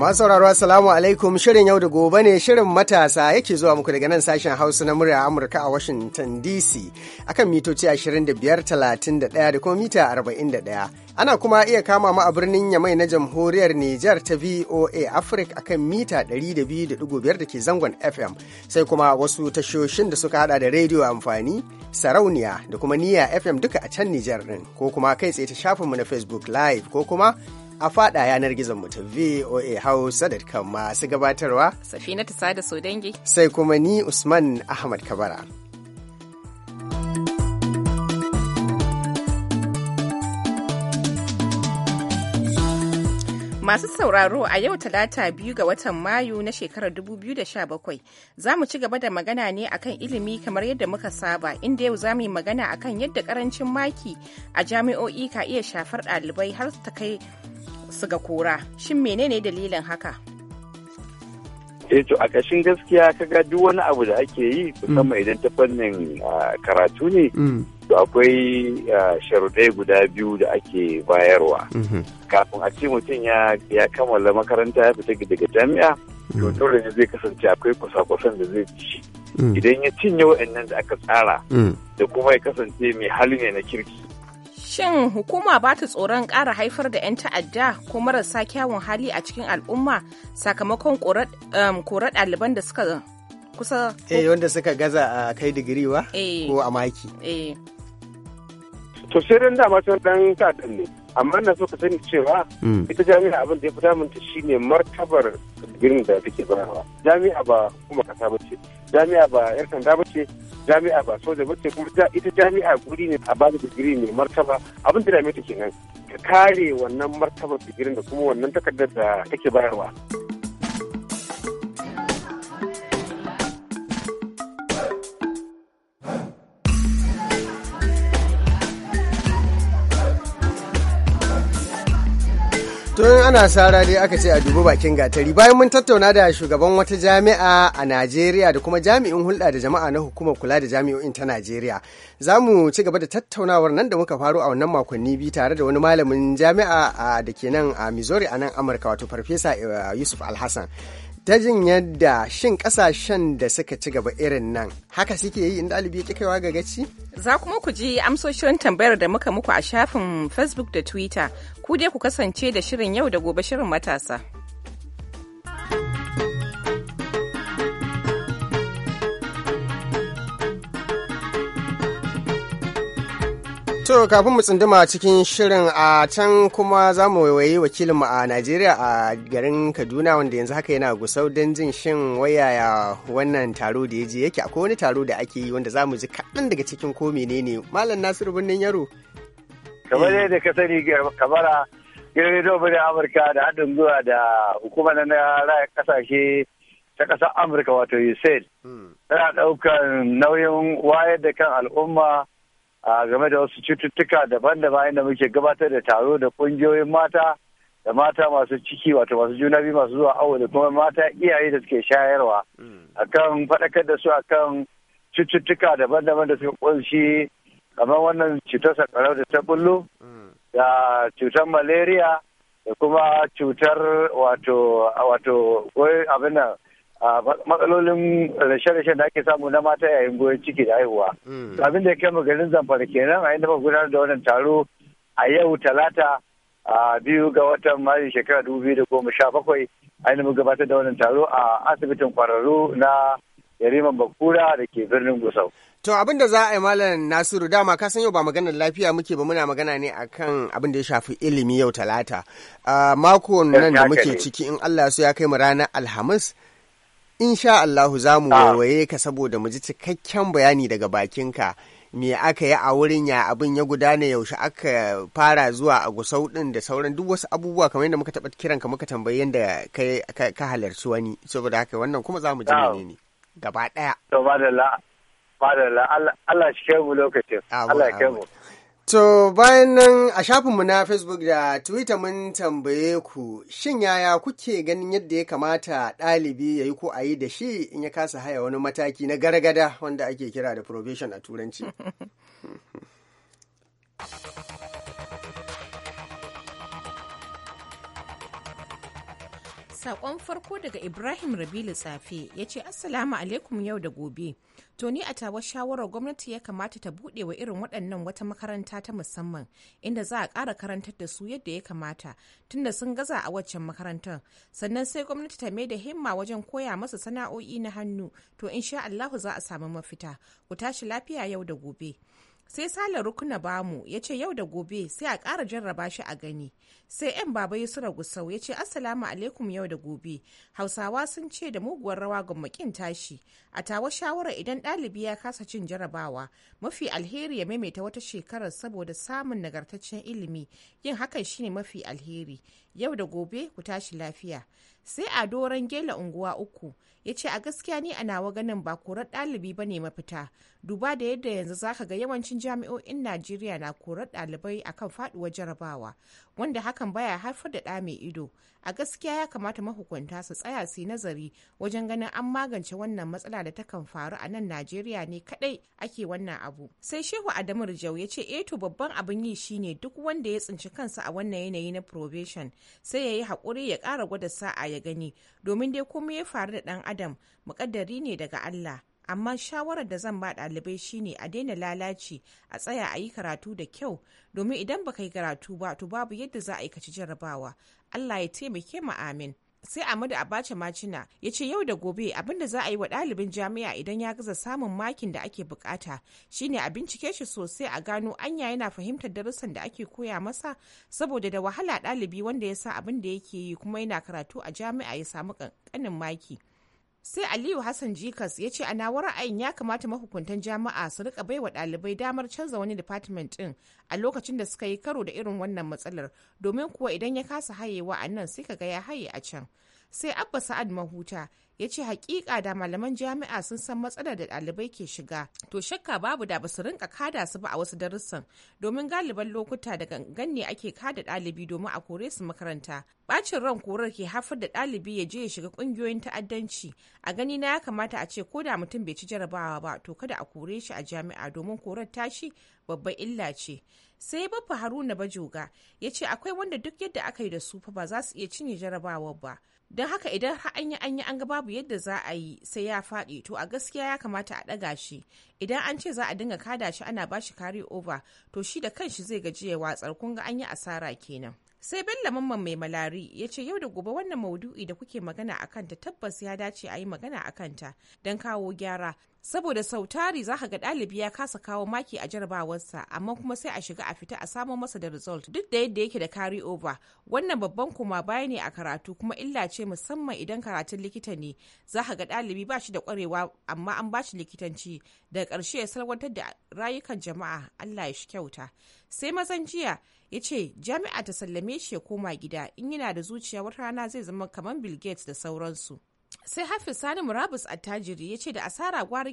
Masu sauraro Assalamu alaikum shirin yau da gobe ne shirin matasa yake zuwa muku daga nan sashen Hausa na murya Amurka a Washington DC akan mitoci 25.31 da kuma mita 41. Ana kuma iya kama mu a birnin Yamai na jamhuriyar Nijar ta VOA Africa akan mita 200.5 da ke zangon FM sai kuma wasu tashoshin da suka hada da rediyo amfani sarauniya da kuma niya FM duka a can Nijar din ko kuma kai tsaye ta shafinmu na Facebook Live ko kuma a fada yanar gizon mu VOA Hausa da kan masu gabatarwa. Safina ta sada Sodangi. Sai kuma ni Usman Ahmad Kabara. Masu sauraro a yau talata biyu ga watan Mayu na shekarar 2017 za mu ci gaba da magana ne akan ilimi kamar yadda muka saba inda yau za mu yi magana akan yadda karancin maki a jami'o'i ka iya shafar ɗalibai har ta kai su ga kora. Shin menene dalilin haka? eh to a kashin gaskiya kaga duk wani abu da ake yi mm. musamman idan ta fannin ah, karatu ne mm. to akwai eh, sharudai guda biyu da ake bayarwa mhm. kafin a ce mutum ya kammala makaranta ya fita daga jami'a to mhm. dole ne zai kasance akwai kwasa-kwasan da zai ci mm. idan ya cinye wa'annan da aka tsara mm. da kuma ya kasance mai hali ne na kirki Shin hukuma ba ta tsoron ƙara haifar da 'yan ta'adda ko marasa kyawun hali a cikin al'umma sakamakon kora um, ɗaliban da suka kusa eh wanda suka gaza a kai digiri wa? Eh. ko a maki eh. to sai dan dama can dan sa'adan ne amma na so ka sani cewa mm. ita jami'a abin da ya fi ta shine martabar girin da take bayarwa jami'a ba kuma kasa ba ce jami'a ba yar sanda ba ce jami'a ba soja ba ce kuma ita jami'a guri ne a bada digiri ne martaba abin da dame ta nan ka kare wannan martabar digirin da kuma wannan takardar da take bayarwa. tun ana sara dai aka ce a dubi bakin gatari bayan mun tattauna da shugaban wata jami'a a najeriya da kuma jami'in hulɗa da jama'a na hukumar kula da jami'o'in ta najeriya za mu ci gaba da tattaunawar nan da muka faru a wannan makonni biyu tare da wani malamin jami'a da ke nan a missouri a nan amurka wato farfesa eh, yusuf alhassan ta jin yadda shin kasashen da suka ci gaba irin nan haka suke yi in ɗalibi ya kaiwa ga gaci? Za kuma ku ji amsoshin tambayar da muka muku a shafin Facebook da Twitter. Ku dai ku kasance da shirin yau da gobe shirin matasa. To kafin mu tsunduma cikin shirin a can kuma za mu waiwayi wakilinmu a Najeriya a garin Kaduna wanda yanzu haka yana gusau don jin shin wayaya wannan taro da ya je yake akwai wani taro da ake yi wanda za mu ji kaɗan daga cikin ko menene Malam Nasiru Birnin Yaro. Kamar yadda ka sani kamara gidan dobe da Amurka da haɗin gwiwa da hukumar na raya kasashe ta ƙasar Amurka wato USAID. Hmm. Tana ɗaukar nauyin wayar da kan al'umma a game da wasu cututtuka daban-daban inda muke gabatar da taro da kungiyoyin mata da mata masu ciki wato masu juna biyu masu zuwa awo da kuma mata iyaye da suke shayarwa mm. akan faɗakar da su akan cututtuka daban-daban da suka kunshi kamar wannan cutar sakarau da ta bullo mm. da cutar malaria da kuma cutar wato wato abin nan matsalolin rashe-rashen da ake samu na mata yayin goyon ciki da haihuwa. Hmm. Abin da ya kai garin zamfara kenan a inda gudanar da wannan taro a yau talata a biyu ga watan mayu shekara dubu biyu da goma sha bakwai a inda muka gabatar da wannan taro a asibitin kwararru na yariman bakura da ke birnin gusau. To abin da za a yi malam Nasiru dama ka san yau ba maganar lafiya muke ba muna magana ne akan abin da ya shafi ilimi yau talata. Mako nan da muke ciki in Allah su ya kai mu ranar Alhamis insha Allahu za mu ah. waiwaye ka saboda mu ji cikakken bayani daga bakinka me aka yi a wurin ya abin ya gudana yaushe aka fara zuwa a gusau din da sauran duk wasu abubuwa kamar yadda muka taɓa kiran ka muka tambayi yadda ka halarci wani saboda haka wannan kuma za mu ji ne gaba ɗaya. Allah shi kai mu lokacin. Allah shi kai mu. To bayan nan a shafinmu na Facebook da Twitter mun tambaye ku shin yaya kuke ganin yadda ya kamata ɗalibi ya yi ko a yi da shi in ya kasa haya wani mataki na gargada wanda ake kira da probation a turanci. Saƙon farko daga Ibrahim Rabilu Tsafe ya ce Assalamu alaikum yau da gobe. To ni a tawar shawarar gwamnati ya kamata ta buɗe wa irin waɗannan wata makaranta ta musamman inda za a ƙara karantar da su yadda ya kamata tunda sun gaza a waccan makarantar. Sannan sai gwamnati ta mai da himma wajen koya masa sana'o'i na hannu to insha Allahu za a samu mafita. Ku tashi lafiya yau da gobe. sai sale rukuna bamu ya ce yau da gobe sai a ƙara jarraba shi a gani sai yan baba yusura gusau ya ce assalamu alaikum yau da gobe hausawa sun ce da muguwar rawa gwammakin tashi a tawa shawara idan ɗalibi ya kasa cin jarrabawa mafi alheri ya maimaita wata shekarar saboda samun nagartaccen ilimi yin hakan shine mafi alheri yau da gobe ku tashi lafiya sai a doron gela unguwa uku ya ce a gaskiya ni a nawa ganin ba korar ɗalibi ba ne mafita duba da yadda yanzu zaka ga yawancin jami'o'in najeriya na korar ɗalibai akan faɗuwar jarabawa wanda hakan baya haifar da ɗa mai ido a gaskiya ya kamata mahukunta su tsaya su nazari wajen ganin an magance wannan matsala da takan faru a nan najeriya ne kadai ake wannan abu sai shehu adamu rijau ya ce eto eh babban abin yi shine duk wanda ya tsinci kansa a wannan yanayi na probation sai ya yi haƙuri ya ƙara gwada sa'a ya gani domin dai komai ya faru da ɗan adam muƙaddari ne daga allah amma shawarar da zan ba ɗalibai shine a daina lalaci a tsaya a yi karatu da kyau domin idan baka yi karatu ba to babu yadda za a aikaci jarrabawa allah ya taimake mu amin sai Amadu a Abacha Macina ya ce yau da gobe abin da za a yi wa ɗalibin jami'a idan ya gaza samun makin da ake bukata shine a bincike shi sosai a gano anya yana fahimtar darussan da ake koya masa saboda da wahala ɗalibi wanda ya sa abin da yake yi kuma yana karatu a jami'a ya samu ƙanƙanin maki. sai aliyu hassan jikas ya ce a nawar ra'ayin ya kamata mahukuntan jami'a su rika baiwa ɗalibai damar canza wani department ɗin a lokacin da suka yi karo da irin wannan matsalar domin kuwa idan ya kasa hayewa a nan sai ka ya haye a can sai abba sa'ad mahuta ya ce hakika da malaman jami'a sun san matsalar da ɗalibai ke shiga to shakka babu da basu rinka kada su ba a wasu darussan domin galiban lokuta da ganne ne ake kada ɗalibi domin a kore su makaranta bacin ran korar ke haifar da ɗalibi ya je ya shiga ƙungiyoyin ta'addanci a gani na ya kamata a ce ko da mutum bai ci jarabawa ba to kada a kore shi a jami'a domin korar tashi babban illa ce sai bafa haruna bajoga ya ce akwai wanda duk yadda aka yi da su fa ba za su iya cinye jarabawar ba don haka idan har an yi an yi an ga babu yadda za a yi sai ya faɗi to a gaskiya ya kamata a ɗaga shi idan an ce za a dinga kada shi ana bashi shi kare over to shi da kanshi zai gaji ya watsar kun ga an yi asara kenan sai bello mamman mai malari ya ce yau da gobe wannan maudu'i da kuke magana a kanta tabbas ya dace a yi magana a kanta don kawo gyara saboda sautari za ka ga ɗalibi ya kasa kawo maki a jarabawarsa amma kuma sai a shiga a fita a samo masa da result duk da yadda yake da carry over wannan babban kuma baya ne a karatu kuma illa ce musamman idan karatun likita ne za ka ga ɗalibi ba shi da ƙwarewa amma an ba shi likitanci daga ƙarshe ya salwantar da rayukan jama'a allah ya shi kyauta sai mazan jiya ya ce jami'a ta sallame shi ya koma gida in yana da zuciya wata rana zai zama kamar bill gates da sauransu sai hafiz sani murabus attajiri ya ce da asara gwara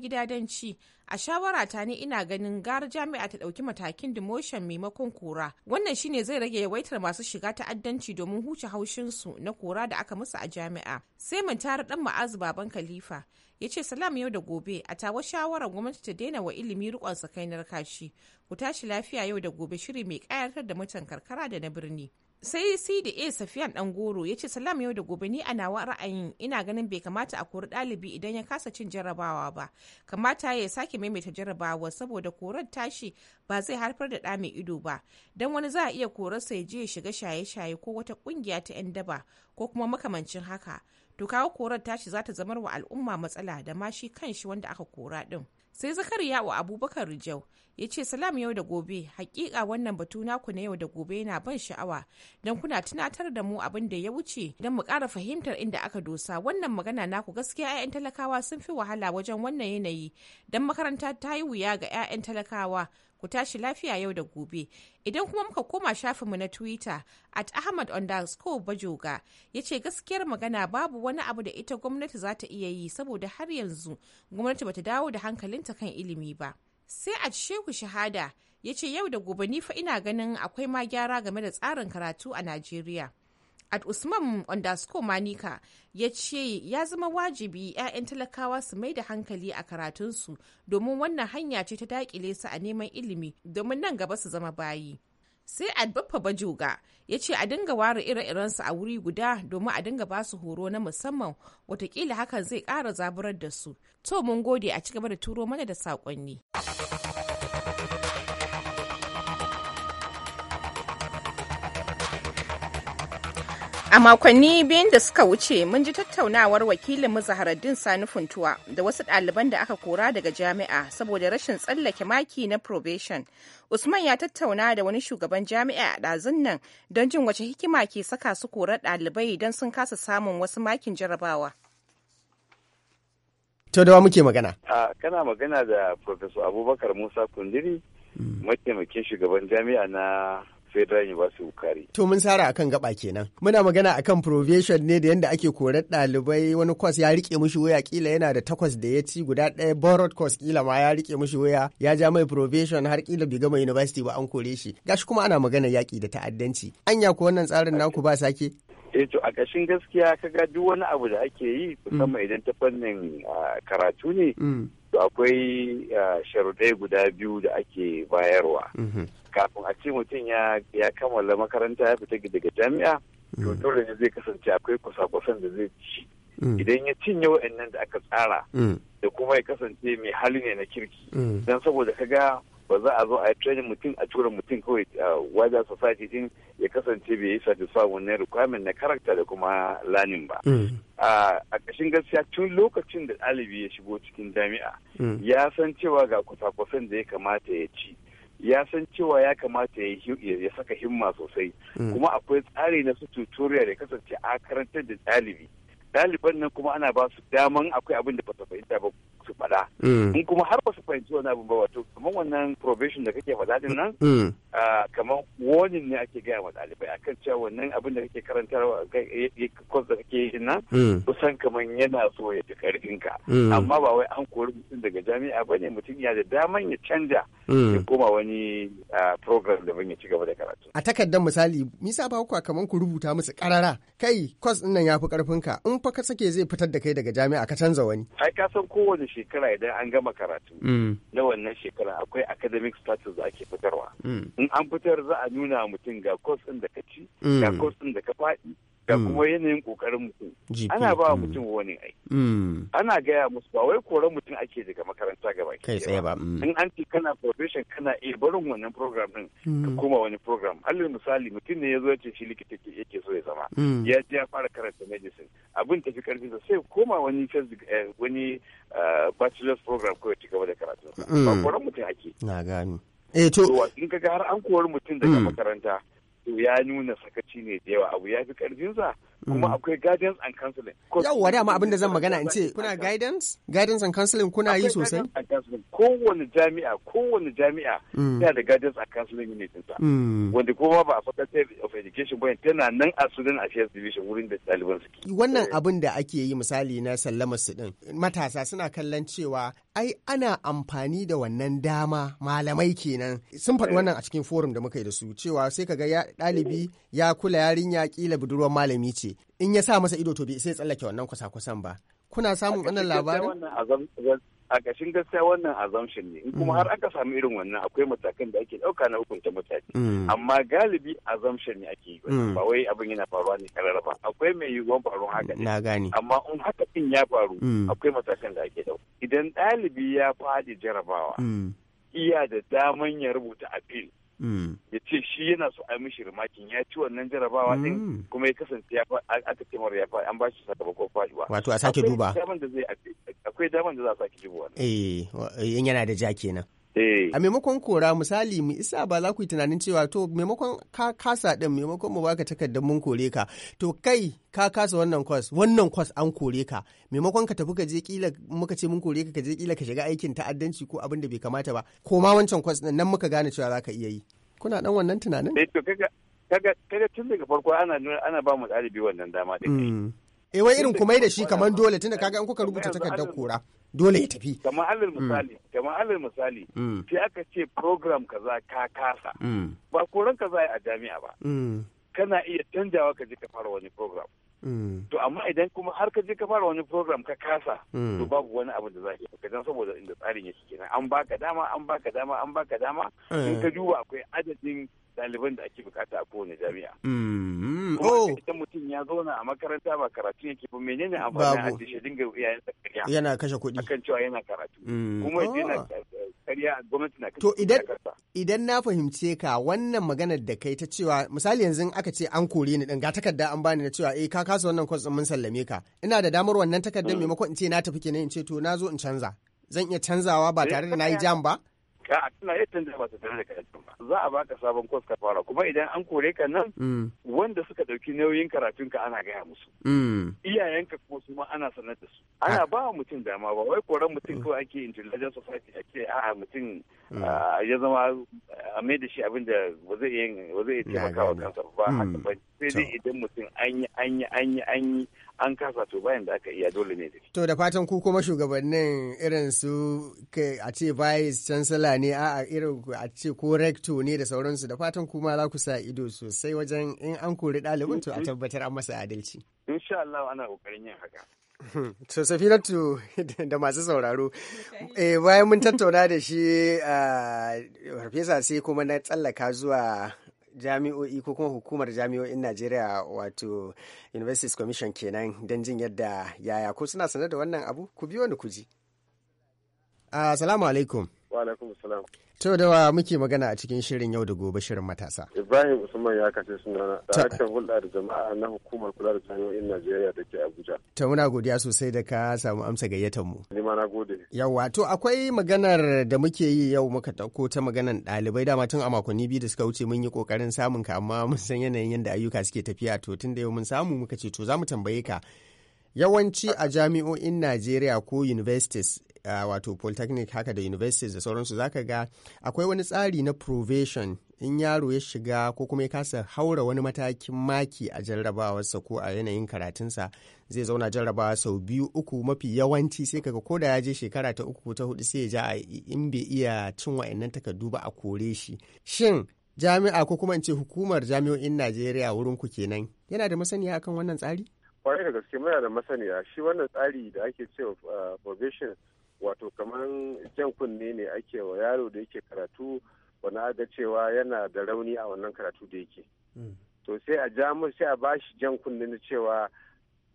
ci, a shawara ta ne ina ganin gara jami'a ta ɗauki matakin demotion maimakon kura. wannan shine zai rage yawaitar masu shiga ta'addanci domin huce haushinsu na kura da aka musu a jami'a sai mun tara dan ma'azu baban khalifa ya ce salam yau da gobe a tawa shawarar gwamnati ta daina wa ilimi rikon sakainar kashi ku tashi lafiya yau da gobe shiri mai kayatar da mutan karkara da na birni sai cda safiyan goro ya ce salam yau da gobe ni a nawa ra'ayin ina ganin bai kamata a kori ɗalibi idan ya kasa cin jarrabawa ba kamata ya sake maimaita jarrabawa saboda korar tashi ba zai haifar da ɗa mai ido ba don wani za a iya korarsa ya je ya shiga shaye-shaye ko wata ƙungiya ta 'yan daba ko kuma makamancin haka to kawo korar tashi za ta zamar wa al'umma matsala da ma shi kan shi wanda aka kora ɗin sai zakar ya wa abubakar rijau ya ce salam yau da gobe hakika wannan batu naku na yau da gobe yana ban sha'awa don kuna tunatar da mu abin da ya wuce don mu kara fahimtar inda aka dosa wannan magana naku gaskiya 'ya'yan talakawa sun fi wahala wajen wannan yanayi don makaranta ta yi wuya ga 'ya'yan talakawa ku tashi lafiya yau da gobe idan kuma muka koma shafinmu na twitter at ahmad underscore bajoga ya ce gaskiyar magana babu wani abu da ita gwamnati za ta iya yi saboda har yanzu gwamnati bata dawo da hankalinta kan ilimi ba sai a shehu shahada ya ce yau da gobe ni fa ina ganin akwai ma gyara game da tsarin karatu a najeriya at usman underscore manika ya ce ya zama wajibi 'ya'yan talakawa su mai da hankali a karatunsu domin wannan hanya ce ta dakile su a neman ilimi domin nan gaba su zama bayi sai adbaffa bajoga ya ce a dinga ware ire-irensu a wuri guda domin a dinga ba su horo na musamman watakila hakan zai kara zaburar da su to mun gode a cigaba da turo mana da saƙonni. A makonni biyun da suka wuce mun ji tattaunawar wakilin mu Zaharaddin Sani Funtuwa da wasu ɗaliban da aka kora daga jami'a saboda rashin tsallake maki na probation. Usman ya tattauna da wani shugaban jami'a a ɗazun nan don jin wace hikima ke saka su kora ɗalibai don sun kasa samun wasu makin jarabawa. To da muke magana? A kana magana da Professor Abubakar Musa Kundiri, mm. mataimakin shugaban jami'a na Federal University kari. To mun sara akan gaba kenan. Muna magana akan provision ne da yadda ake korar dalibai wani course ya rike mushi waya kila yana da takwas da ya ci guda ɗaya borrowed course kila ma ya rike mushi waya ya ja mai provision har kila bai gama university ba an kore shi. Gashi kuma ana magana yaƙi da ta'addanci. Anya ko wannan tsarin naku ba sake? eh to a ƙashin gaskiya kaga duk wani abu da ake yi mm. musamman idan ta fannin karatu ne mm. to akwai sharudai guda biyu da ake bayarwa mm-hmm. kafin a ce mutum ya kammala makaranta ya fita daga jami'a to mm. dole ne zai kasance akwai kusa-kusan da zai ci mm. idan ya cinye wa'annan da aka tsara mm. da kuma ya kasance mai hali ne na kirki don saboda ka ga ba za a zo a yi mutum a tura mutum kawai a wajen society din ya kasance bai yi satisfy wannan requirement na karakta da kuma lanin ba a ƙashin gaskiya tun lokacin da ɗalibi ya shigo cikin jami'a ya san cewa ga kusa-kusan da ya kamata ya ci ya san cewa ya kamata ya saka himma sosai mm. kuma akwai tsari na su tutorial da kasance a karantar da ɗalibi ɗaliban nan kuma ana ba su daman akwai abin da ba su fahimta ba faɗa mm. in kuma har ba su fahimci wani abu ba wato kamar wannan provision da kake faɗa din nan mm. kamar warning ne ake gaya wa ɗalibai akan cewa wannan abin da kake karantarwa kwas eh, da kake yi nan mm. kusan kamar yana so ya fi ka amma ba wai an kori mutum daga jami'a ba ne mutum ya da daman ya canja ya koma wani program da ya ci gaba da karatu a takardar misali misa ba kuwa kamar ku rubuta musu karara kai kwas ɗin nan ya fi karfin ka in fa ka sake zai fitar da kai daga jami'a ka canza wani ai ka san kowane shi. shekara idan an gama karatu mm. na wannan shekara akwai academic status da ake fitarwa mm. in an fitar za a nuna mutum ga course ɗin da ka ci ga mm. course ɗin da ka faɗi da mm. kuma yanayin kokarin mutum ana ba mm. mutum wani ai mm. ana gaya musu ba wai koran mutum ake daga makaranta gaba kai tsaye ba in an ce kana profession kana iya eh, barin wannan program din ka koma wani program alal misali mutum ne ya zo ya ce shi likita yake so ya zama ya je ya fara karanta medicine abin tafi karfi sa sai koma wani eh, wani eh, bachelor's program ko ya ci gaba da karatu ba koran mutum ake na gani eh to in kaga har an kori mutum daga makaranta ya nuna sakaci ne da yawa abu ya fi karfinsa kuma mm. akwai guidance and counseling. Yawwa dama abin da zan magana in ce kuna guidance? Guidance and counseling kuna yi sosai? Kowane jami'a, kowane jami'a mm. yana da guidance and counseling unit ta. Mm. Wanda kuma ba a faculty of education ba tana nan a student affairs division wurin da ɗaliban suke. Wannan eh. abin da ake yi misali na sallamar su ɗin matasa suna kallon cewa ai ana amfani da wannan dama malamai kenan sun faɗi eh. wannan a cikin forum da muka yi da su cewa sai ka ga ɗalibi ya kula yarinya kila budurwar malami ce ce in ya sa masa ido to bai sai tsallake wannan kwasa-kwasan ba kuna samun wannan labarin a ƙashin gaskiya wannan assumption ne in kuma mm. har aka samu irin wannan akwai matakan da ake ɗauka na hukunta mutane mm. amma galibi assumption ne ake yi mm. ba wai abin yana faruwa ne karara ba akwai mai yiwuwan faruwa haka ne na gane amma in haka din ya faru akwai matakan da ake ɗauka idan ɗalibi ya faɗi jarabawa iya da daman ya rubuta appeal Mm. ya ce shi yana so a yi mishi rimakin ya ci wannan jarabawa din mm. kuma ya kasance ya aka ce mara ya fa an bashi sakamakon fashiwa wato a sake duba akwai daman da za a sake duba wannan eh yana da ja kenan Eh. a maimakon kora misali mu isa ba za ku yi tunanin cewa to maimakon ka kasa din maimakon mu baka takardar mun kore ka to kai ka kasa wannan kwas wannan kwas an kore ka maimakon ka tafi ka je kila muka ce mun kore ka ka je kila ka shiga aikin ta'addanci ko abin da bai kamata ba ko ma wancan kwas din nan muka gane cewa za ka iya yi kuna dan wannan tunanin eh, kaga kaga tun daga farko ana ana ba mu ɗalibi wannan dama da E wai irin kuma da shi kamar dole tunda kaga in kuka rubuta takardar kora dole ya tafi kamar mm. alal misali kamar mm. alal misali sai aka ce program kaza ka kasa mm. ba koran kaza a jami'a ba kana iya canjawa ka je ka fara wani program to amma idan kuma har ka je ka fara wani program ka kasa to babu wani abu da za ka yi dan saboda inda tsarin yake kenan an baka dama an baka dama an baka dama in eh. ka duba akwai adadin ɗaliban da ake bukata a kowane jami'a. Mm-hmm. Kuma oh. ita mutum ya zauna a makaranta ba karatu yake ba menene ya dinga yayin sakariya. Yana kashe kuɗi. Akan cewa yana karatu. Mm. Kuma yana oh. karya gwamnati na kashe To idan idan na fahimce ka wannan maganar da kai ta cewa misali yanzu aka ce an kore ni din ga takarda an bani na cewa eh ka kasa wannan kwas mun sallame ka ina da damar wannan takardar mm. maimakon in ce na tafi kenan in ce to na zo in canza zan iya canzawa ba eh, tare da na yi jam ba. a tana ya canza ba ta tare da karatu ba za a baka sabon kwas ka fara kuma idan an kore ka nan mm. wanda suka dauki nauyin karatun ka ana gaya musu mm. iyayenka kuma su ma ana sanar da su ah. ana ba mutum dama ba wai koran mutum kawai ake intelligence society ake a'a mutum mm. ah, ya zama ah, a mai da shi abin da ba zai iya taimakawa kansa ba haka ba sai dai idan mutum an yi an yi an yi an yi an kasa to bayan da aka iya dole ne da to da fatan ku kuma shugabannin irin su a ce vice chancellor ne a irin a ce ko recto ne da sauransu da fatan ku ma za ku sa ido sosai wajen in an kori ɗalibin to a tabbatar an masa adalci insha Allah ana kokarin yin haka to safinatu da masu sauraro eh, bayan mun tattauna da shi a ah, farfesa sai kuma na tsallaka zuwa jami'o'i ko kuma hukumar jami'o'in najeriya wato universities commission kenan don jin yadda yaya ko suna sanar da wannan abu ku biyo ni ku ji assalamu alaikum wa alaikum assalam To da wa muke magana a cikin shirin yau da gobe shirin matasa. Ibrahim Usman ya kace suna daraktan hulɗa da jama'a na hukumar kula da jami'o'in Najeriya da ke Abuja. Ta muna godiya sosai da ka samu amsa gayyatar mu. Ni ma na gode. Yawwa to akwai maganar da muke yi yau muka ɗauko ta maganar ɗalibai dama tun a makonni biyu da suka wuce mun yi kokarin samun ka amma mun san yanayin yadda ayyuka suke tafiya to tun da yau mun samu muka ce to za mu tambaye ka. Yawanci a jami'o'in Najeriya ko universities wato polytechnic haka da universities da sauransu zaka ga akwai wani tsari na provision in yaro ya shiga ko kuma ya kasa haura wani matakin maki a jarrabawarsa ko a yanayin karatunsa zai zauna jarrabawa sau biyu uku mafi yawanci sai kaga ko da ya je shekara ta uku ta hudu sai ya ja in bai iya cin wa'annan takardu ba a kore shi shin jami'a ko kuma in ce hukumar jami'o'in najeriya wurin ku kenan yana da masaniya akan wannan tsari kwarai da gaske muna da masaniya shi wannan tsari da ake cewa eh, probation wato kamar jan kunne ne ake wa yaro da yake karatu wani aga cewa yana da rauni a wannan karatu da yake hmm. to sai a ja sai a bashi jan kunne na cewa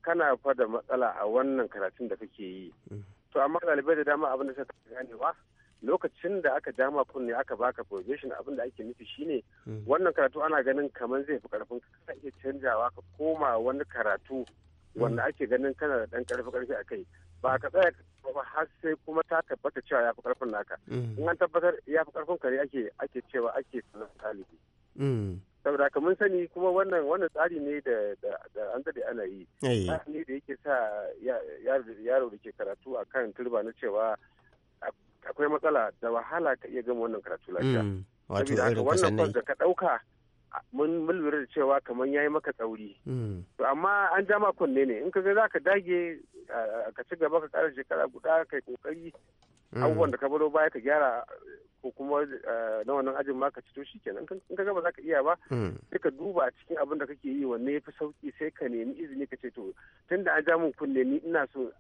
kana fa da matsala a wannan karatun da kake yi hmm. to amma ɗalibai da dama abin da suka ganewa lokacin da aka dama kunne aka baka provision abin da ake nufi shine hmm. wannan karatu ana ganin kamar zai fi karfin ka iya canjawa ka koma wani karatu wanda ake ganin kana da dan karfi karfi a kai ba ka tsaya kuma har sai kuma ta tabbata cewa ya fi karfin naka mm. in an tabbatar ya fi karfin kare ake ake cewa ake sanar ɗalibi mm. saboda haka mun sani kuma wannan wannan tsari ne da da an daɗe ana yi eh. tsari ne da yake sa yaro da ke karatu a kan turba na cewa akwai matsala da wahala ka iya gama wannan karatu lafiya mm. saboda haka wannan kwas da ka ɗauka mun lura da cewa kamar ya yi maka tsauri hmm. to amma an ja kunne ne in ka ga zaka dage ka ci gaba ka kara shekara guda ka yi kokari hmm. abubuwan da ka baro baya ka gyara ko kuma na wannan ajin ma ka ci shi kenan in ka gaba za ka iya ba hmm. sai ka duba cikin abin da kake yi wanne ya fi sauki sai ka nemi izini ka ce to tunda an ja mun kunne ni ina so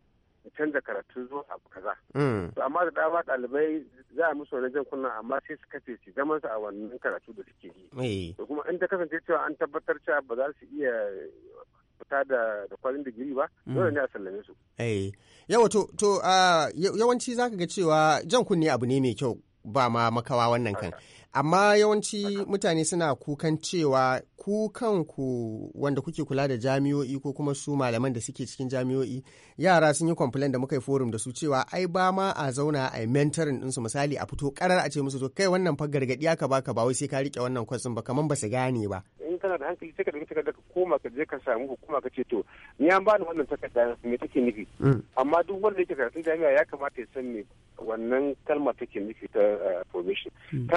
ya canza karatu zuwa abu kaza. Mm. To amma da dama ɗalibai za a musu wani jan kunna amma sai su kace su zaman su a wannan karatu da suke yi. Eh. To kuma in ta kasance cewa an tabbatar cewa ba za su iya fita da da kwalin digiri ba mm. dole ne a sallame su. Eh yawa to to yawanci zaka ga cewa jan kunni abu ne mai kyau ba ma makawa wannan kan. amma yawanci mutane suna kukan cewa kukan ku kanku wanda kuke kula da jami'o'i ko kuma su malaman da suke cikin jami'o'i yara sun yi complain da muka yi forum da su cewa ai ba ma a zauna a mentoring ɗinsu misali a fito karar a ce musu to kai wannan fa gargaɗi aka baka ba wai sai ka rike wannan kwasin ba kaman ba su gane ba in kana da hankali sai ka dinga takarda ka koma ka je ka samu hukuma ka ce to ni an bani wannan takarda me take nufi mm. amma duk wanda yake karatun jami'a ya kamata ya san me wannan kalma take nufi ta eh, formation hmm.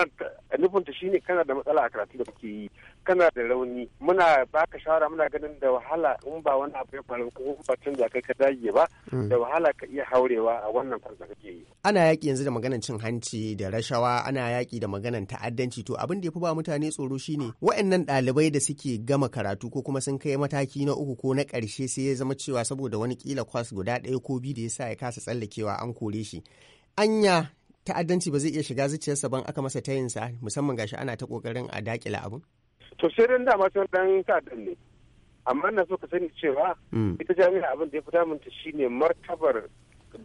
nufin ta shine kana da matsala a karatu da kake yi kana da rauni muna baka shawara muna ganin da wahala in ba wani abu ya faru ko ba canza kai ka dage ba hmm. da wahala ka iya haurewa a wannan kwas kake yi ana yaki yanzu da maganan cin hanci da rashawa ana yaki da maganan ta'addanci to abin da ya fi ba mutane tsoro shine waɗannan ɗalibai da suke gama karatu ko kuma sun kai mataki na uku ko na ƙarshe sai ya zama cewa saboda wani kila kwas guda ɗaya ko biyu da ya sa ya kasa tsallakewa an kore shi anya ta'addanci ba zai iya shiga zuciyarsa ban aka masa tayinsa musamman gashi ana ta kokarin a dakila abun to sai dan dama sun dan ta'addan ne amma na so ka sani cewa hmm. ita jami'a abin da ya fi ta shine martabar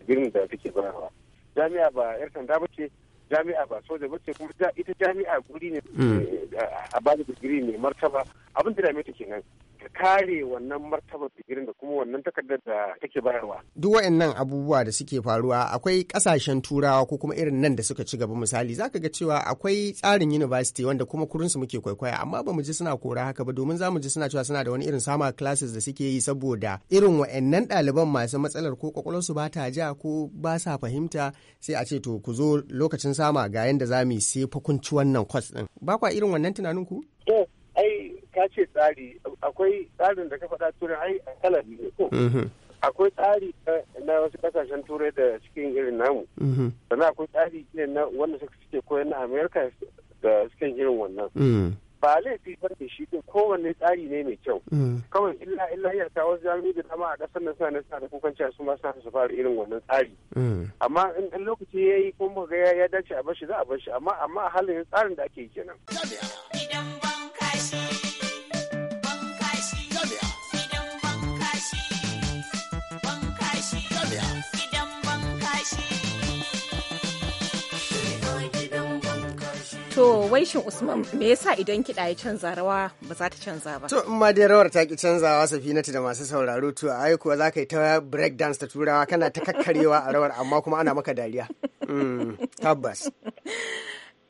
girin da take bayarwa jami'a ba yar sanda ba ce jami'a ba soja ba ce kuma ita jami'a guri ne hmm. a bani digiri ne martaba abin da dame take nan. ta kare wannan martabar digirin da kuma wannan takardar da take bayarwa. Duk waɗannan abubuwa da suke faruwa akwai kasashen turawa ko kuma irin nan da suka ci gaba misali zaka ga cewa akwai tsarin university wanda kuma kurinsu muke kwaikwaya amma ba mu ji suna kora haka ba domin za mu ji suna cewa suna da wani irin sama classes da suke yi saboda irin waɗannan ɗaliban masu matsalar ko kwakwalwarsu su bata ja ko ba sa fahimta sai a ce to ku zo lokacin sama ga yanda za mu yi sai fakunci wannan kwas ɗin. Ba kwa irin wannan tunanin ku? ka ce tsari akwai tsarin da ka faɗa turai ai kala ne ko mhm. akwai tsari na wasu kasashen turai da cikin irin namu mhm. sannan akwai tsari ne na wanda suka suke koyar na amerika da cikin irin wannan mhm. ba laifi ba ne shi din kowanne tsari ne mai kyau kawai illa illa ya ta wasu jami'i da dama a ƙasar nan suna suna da kukan cewa su ma suna su fara irin wannan tsari amma in lokaci ya yi kuma ga ya dace a bashi za a bashi amma amma a halin tsarin da ake kenan. To wai shin Usman me yasa idan kiɗa ya canza rawa ba za ta canza ba? To in ma dai rawar ta ki canzawa Safinatu da masu sauraro to a ai kuwa za ka yi ta break dance ta turawa kana ta kakkarewa a rawar amma kuma ana maka dariya. Mm, tabbas.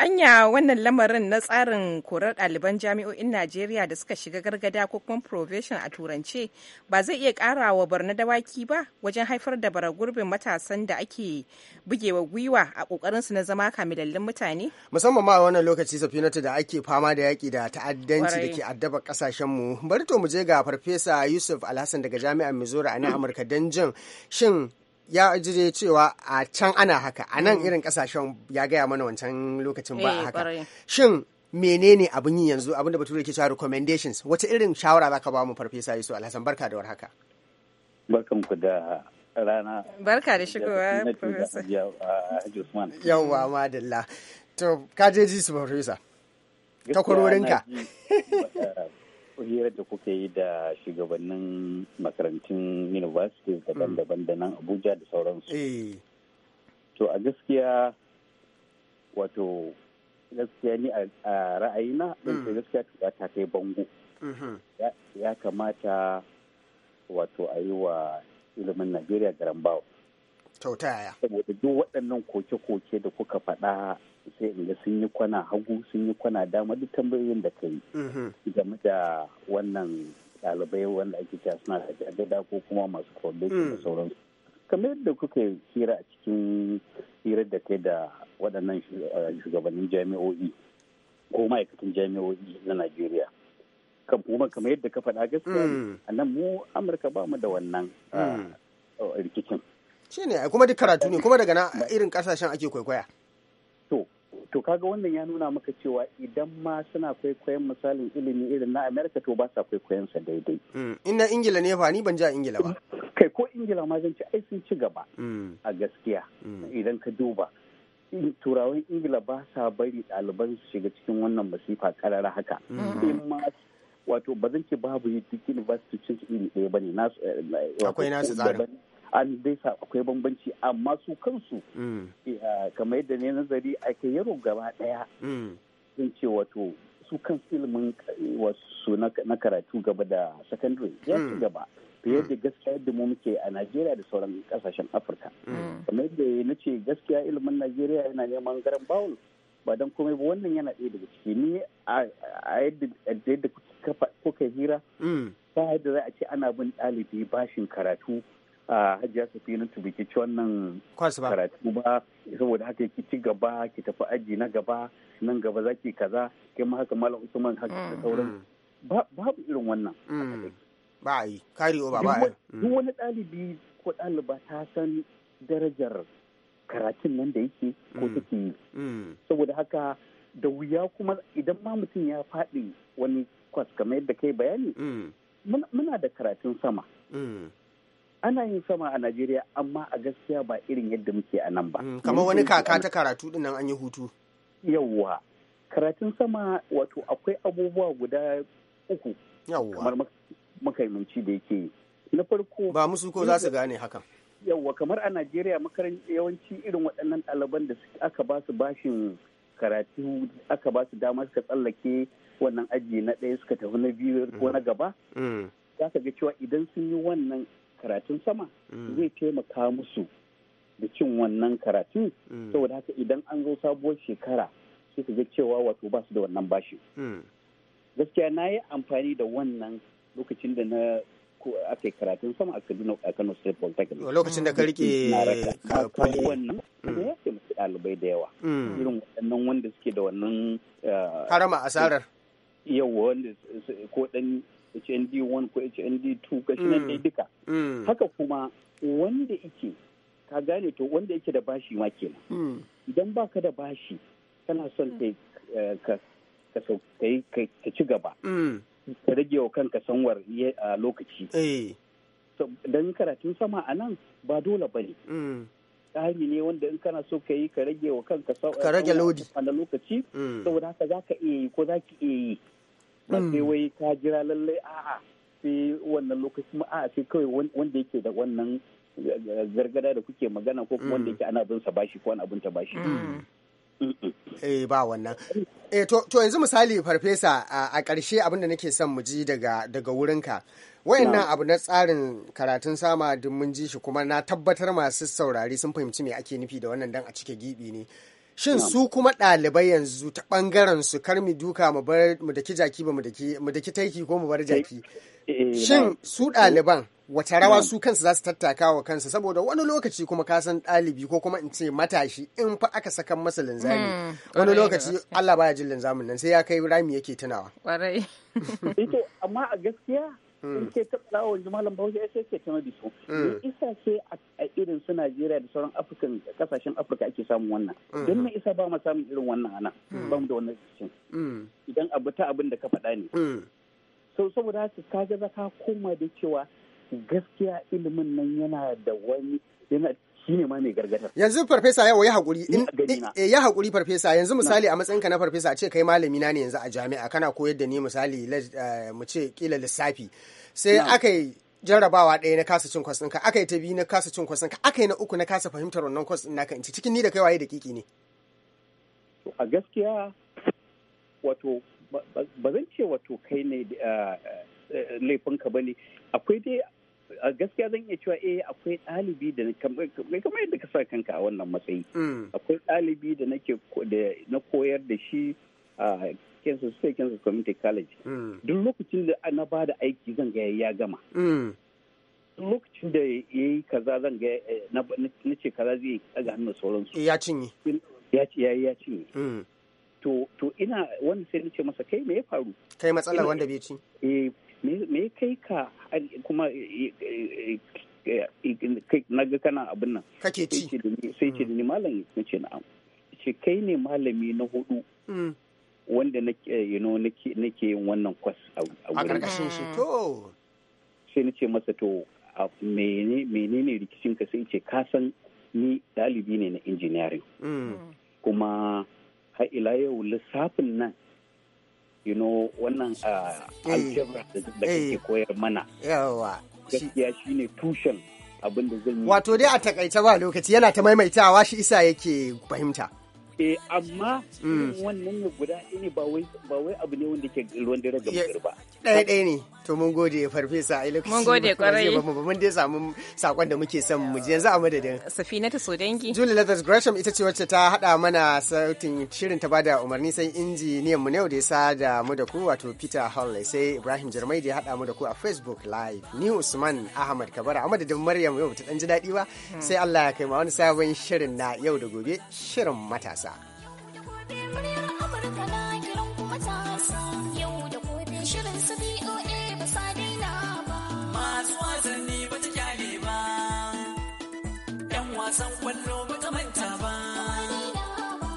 Anya wannan lamarin na tsarin korar ɗaliban jami'o'in Najeriya da suka shiga gargada ko kuma provision a turance ba zai iya ƙara wa barna dawaki ba wajen haifar da bara gurbin matasan da ake bugewa gwiwa a ƙoƙarinsu na zama kamilallin mutane? Musamman ma a wannan lokaci safinatu da ake fama da yaƙi da ta'addanci da ke addaba ƙasashenmu. Bari to mu je ga Farfesa Yusuf Alhassan daga Jami'ar Missouri a nan Amurka don jin shin ya jire cewa a can ana haka a nan mm. irin kasashen ya gaya mana wancan lokacin ba eh, haka shin menene abin yi yanzu abin da bature ke cewa recommendations wata irin shawara za ka ba mu farfesa yusuf alhassan barka da warhaka barkan da rana barka da shigowa farfesa yawwa madalla to ka je ji su farfesa takwarorinka hirar da kuka yi da shugabannin makarantun university hmm. daban-daban da nan abuja da sauransu eh. to a gaskiya wato gaskiya ni a ra'ayina don hmm. gaskiya ta ta kai bango hmm. ya kamata wato a yi wa ilimin najeriya ta yaya. saboda duk waɗannan koke-koke da kuka faɗa sai in ga sun yi kwana hagu sun yi kwana dama duk tambayoyin da ka yi mm-hmm. game da wannan ɗalibai wanda ake cewa suna da jagada ko kuma masu foundation da mm. sauransu kamar yadda kuka hira a cikin hirar da kai da waɗannan eh, shugabannin jami'o'i ko ma'aikatan jami'o'i na najeriya kan kuma kamar yadda ka faɗa gaskiya mm. a nan mu amurka ba mu da wannan mm. ah, rikicin shi ne kuma duk karatu ne eh. kuma daga na irin ƙasashen ake kwaikwaya to to kaga wannan ya nuna maka cewa idan ma suna kwaikwayon misalin ilimi irin na amerika to ba sa kwaikwayon sa daidai mm. in ingila ne fa ni ban ji a ingila ba kai ko ingila ma zan ci ai sun ci gaba mm. a gaskiya mm. idan ka duba turawan ingila ba sa bari ɗaliban su shiga cikin wannan masifa karara haka in ma wato ba zan ce babu duk university iri ɗaya ba ne eh, akwai nasu tsarin an dai akwai bambanci amma su kansu mm. eh, kamar yadda ne nazari a yaro gaba daya sun mm. ce wato su kansu ilimin eh, wasu na karatu gaba da secondary ya ci mm. gaba fiye da gaskiya yadda mu muke a Najeriya da sauran kasashen Afirka. Kamar yadda na ce gaskiya ilimin Najeriya yana neman garan bawul ba don komai ba wannan yana ɗaya daga ciki ni a yadda kuka hira ta yadda za a ce ana bin ɗalibi bashin karatu hajiya safina ta biki ci wannan karatu ba saboda haka ki ci gaba ki tafi aji na gaba nan gaba za kaza kai ma haka malam usman haka da mm, sauran mm. babu irin wannan mm, ba yi kari ba ba duk wani ɗalibi ko daliba ta san darajar karatun nan da yake ko take yi saboda haka da wuya kuma idan ma mutum ya faɗi wani kwas kamar yadda kai bayani muna da karatun sama ana yin sama a najeriya amma a gaskiya ba irin yadda muke a nan ba mm, kamar wani kaka ta karatu din nan an yi hutu yawwa karatun sama wato akwai abubuwa guda uku yawwa kamar makaimanci da yake na farko ba musu ko za su gane hakan yawwa kamar a najeriya yawanci irin waɗannan ɗaliban da aka ba su bashin karatu aka ba su dama suka tsallake wannan aji na ɗaya suka tafi na biyu ko na mm. gaba mm. za ka ga cewa idan sun yi wannan karatun sama mm. zai taimaka musu da cin wannan karatun mm. saboda haka idan an zo sabuwar shekara sai su ga cewa wato ba su da wannan bashi mm. gaskiya na yi amfani da wannan lokacin da na aka yi karatun sama a Kaduna a Kano State Polytechnic lokacin da ka rike kwali wannan ya ce musu ɗalibai da yawa irin waɗannan wanda suke da wannan eh, harama asarar yawa wanda ko dan HND1 ko HND2 gashi nan mm. dai duka. Mm. Haka kuma wanda yake ka gane to wanda yake da bashi ma kenan. Mm. Idan baka da bashi kana son eh, ka ka ci gaba. Ka rage wa kanka sanwar lokaci. Eh. Don karatun sama a nan ba dole ba ne. tsari ne wanda in kana so ka yi ka rage wa kanka ka rage eh, lodi a lokaci saboda haka za ka iya yi ko za ki iya yi ba sai mm. wai ka jira lallai a'a sai wannan lokaci ma a'a sai kawai wanda yake da wannan zargada da kuke magana ko kuma wanda mm. yake ana bin sa bashi ko ana bin ta bashi mm. eh ba wannan eh to yanzu misali farfesa a ƙarshe abinda nake son mu ji daga daga wurinka wayannan abu na tsarin karatun sama duk mun ji shi kuma na tabbatar masu saurari sun fahimci me ake nufi da wannan dan a cike gibi ne shin su kuma ɗalibai yanzu ta ɓangaren su kar mu duka mu bar mu daki jaki ba mu daki taiki ko mu bar eh, jaki eh, shin su eh. ɗaliban wace rawa su kansu za su tattaka wa kansu saboda wani lokaci kuma ka san ɗalibi ko kuma in ce matashi in fa aka saka masa linzami hmm, wani lokaci Allah baya jin linzamin nan sai ya kai rami yake tunawa. Kwarai. amma a gaskiya in hmm. ke wa wajen malam bahaushe sai ke ta da su hmm. isa ce a irin su najeriya da sauran afirkan kasashen afirka ake samun wannan hmm. don me isa ba mu samun irin wannan ana ba mu da wannan cikin idan abu ta abin da ka faɗa ne sau saboda haka ka ga ka koma da cewa gaskiya ilimin nan yana da wani ne ma mai gargadar yanzu farfesa ya haƙuri. Eh, ya haƙuri farfesa yanzu misali a matsayinka na farfesa a ce kai malami na ne yanzu a jami'a kana koyar da ni misali eh, mu ce kila lissafi sai aka yi jarrabawa ɗaya na kasa cin kwasinka aka yi ta biyu na kasa cin kwasinka aka yi na uku na kasa fahimtar wannan kwas ɗin naka ci cikin ni da kai waye da kiki ne a gaskiya wato ba zan ce wato kai ne eh, laifinka ba ne akwai dai gaskiya zan iya cewa eh akwai ɗalibi da kamar yadda ka sa kanka a wannan matsayi mm. akwai ɗalibi da nake na koyar da shi a Kansas State Kansas Community College mm. duk lokacin da na ba da aiki zan ga ya gama mm. duk lokacin da ya yi kaza zan ga eh, na ce kaza zai ɗaga hannun sauransu ya cinye ya ci, ya ya cinye to ina wanda sai na ce masa kai me ya faru kai matsalar wanda bai ci eh me kai ka kuma na ga kana abin nan sai ce ni malami. na ce na'am ce kai ne malami na hudu mm. wanda nake yin wannan kwas a wurin shi mm. to sai na ce masa to menene rikicin ka sai ce ka san ni dalibi ne na injiniyari? Mm. kuma har ila yau lissafin nan you know wannan ah, eh, algebra da kake eh. koyar mana gaskiya shine tushen abin da zan yi wato dai a takaice ba lokaci yana ta maimaitawa shi isa yake fahimta eh amma mm. wannan ne guda ne ba wai abu ne wanda ke ruwan dare ga ba ɗaya ɗaya ne to mun gode farfesa a lokaci mun gode kwarai mun dai samu sakon da muke son mu yanzu a madadin safina ta so dangi julie lathers gresham ita ce wacce ta hada mana sautin shirin ta bada umarni sai injiniyan mu ne da ya sada mu da ku wato peter hall sai ibrahim jarmai da ya hada mu da ku a facebook live ni usman ahmad kabara a madadin maryam yau ta dan ji daɗi ba sai allah ya kai ma wani sabon shirin na yau da gobe shirin matasa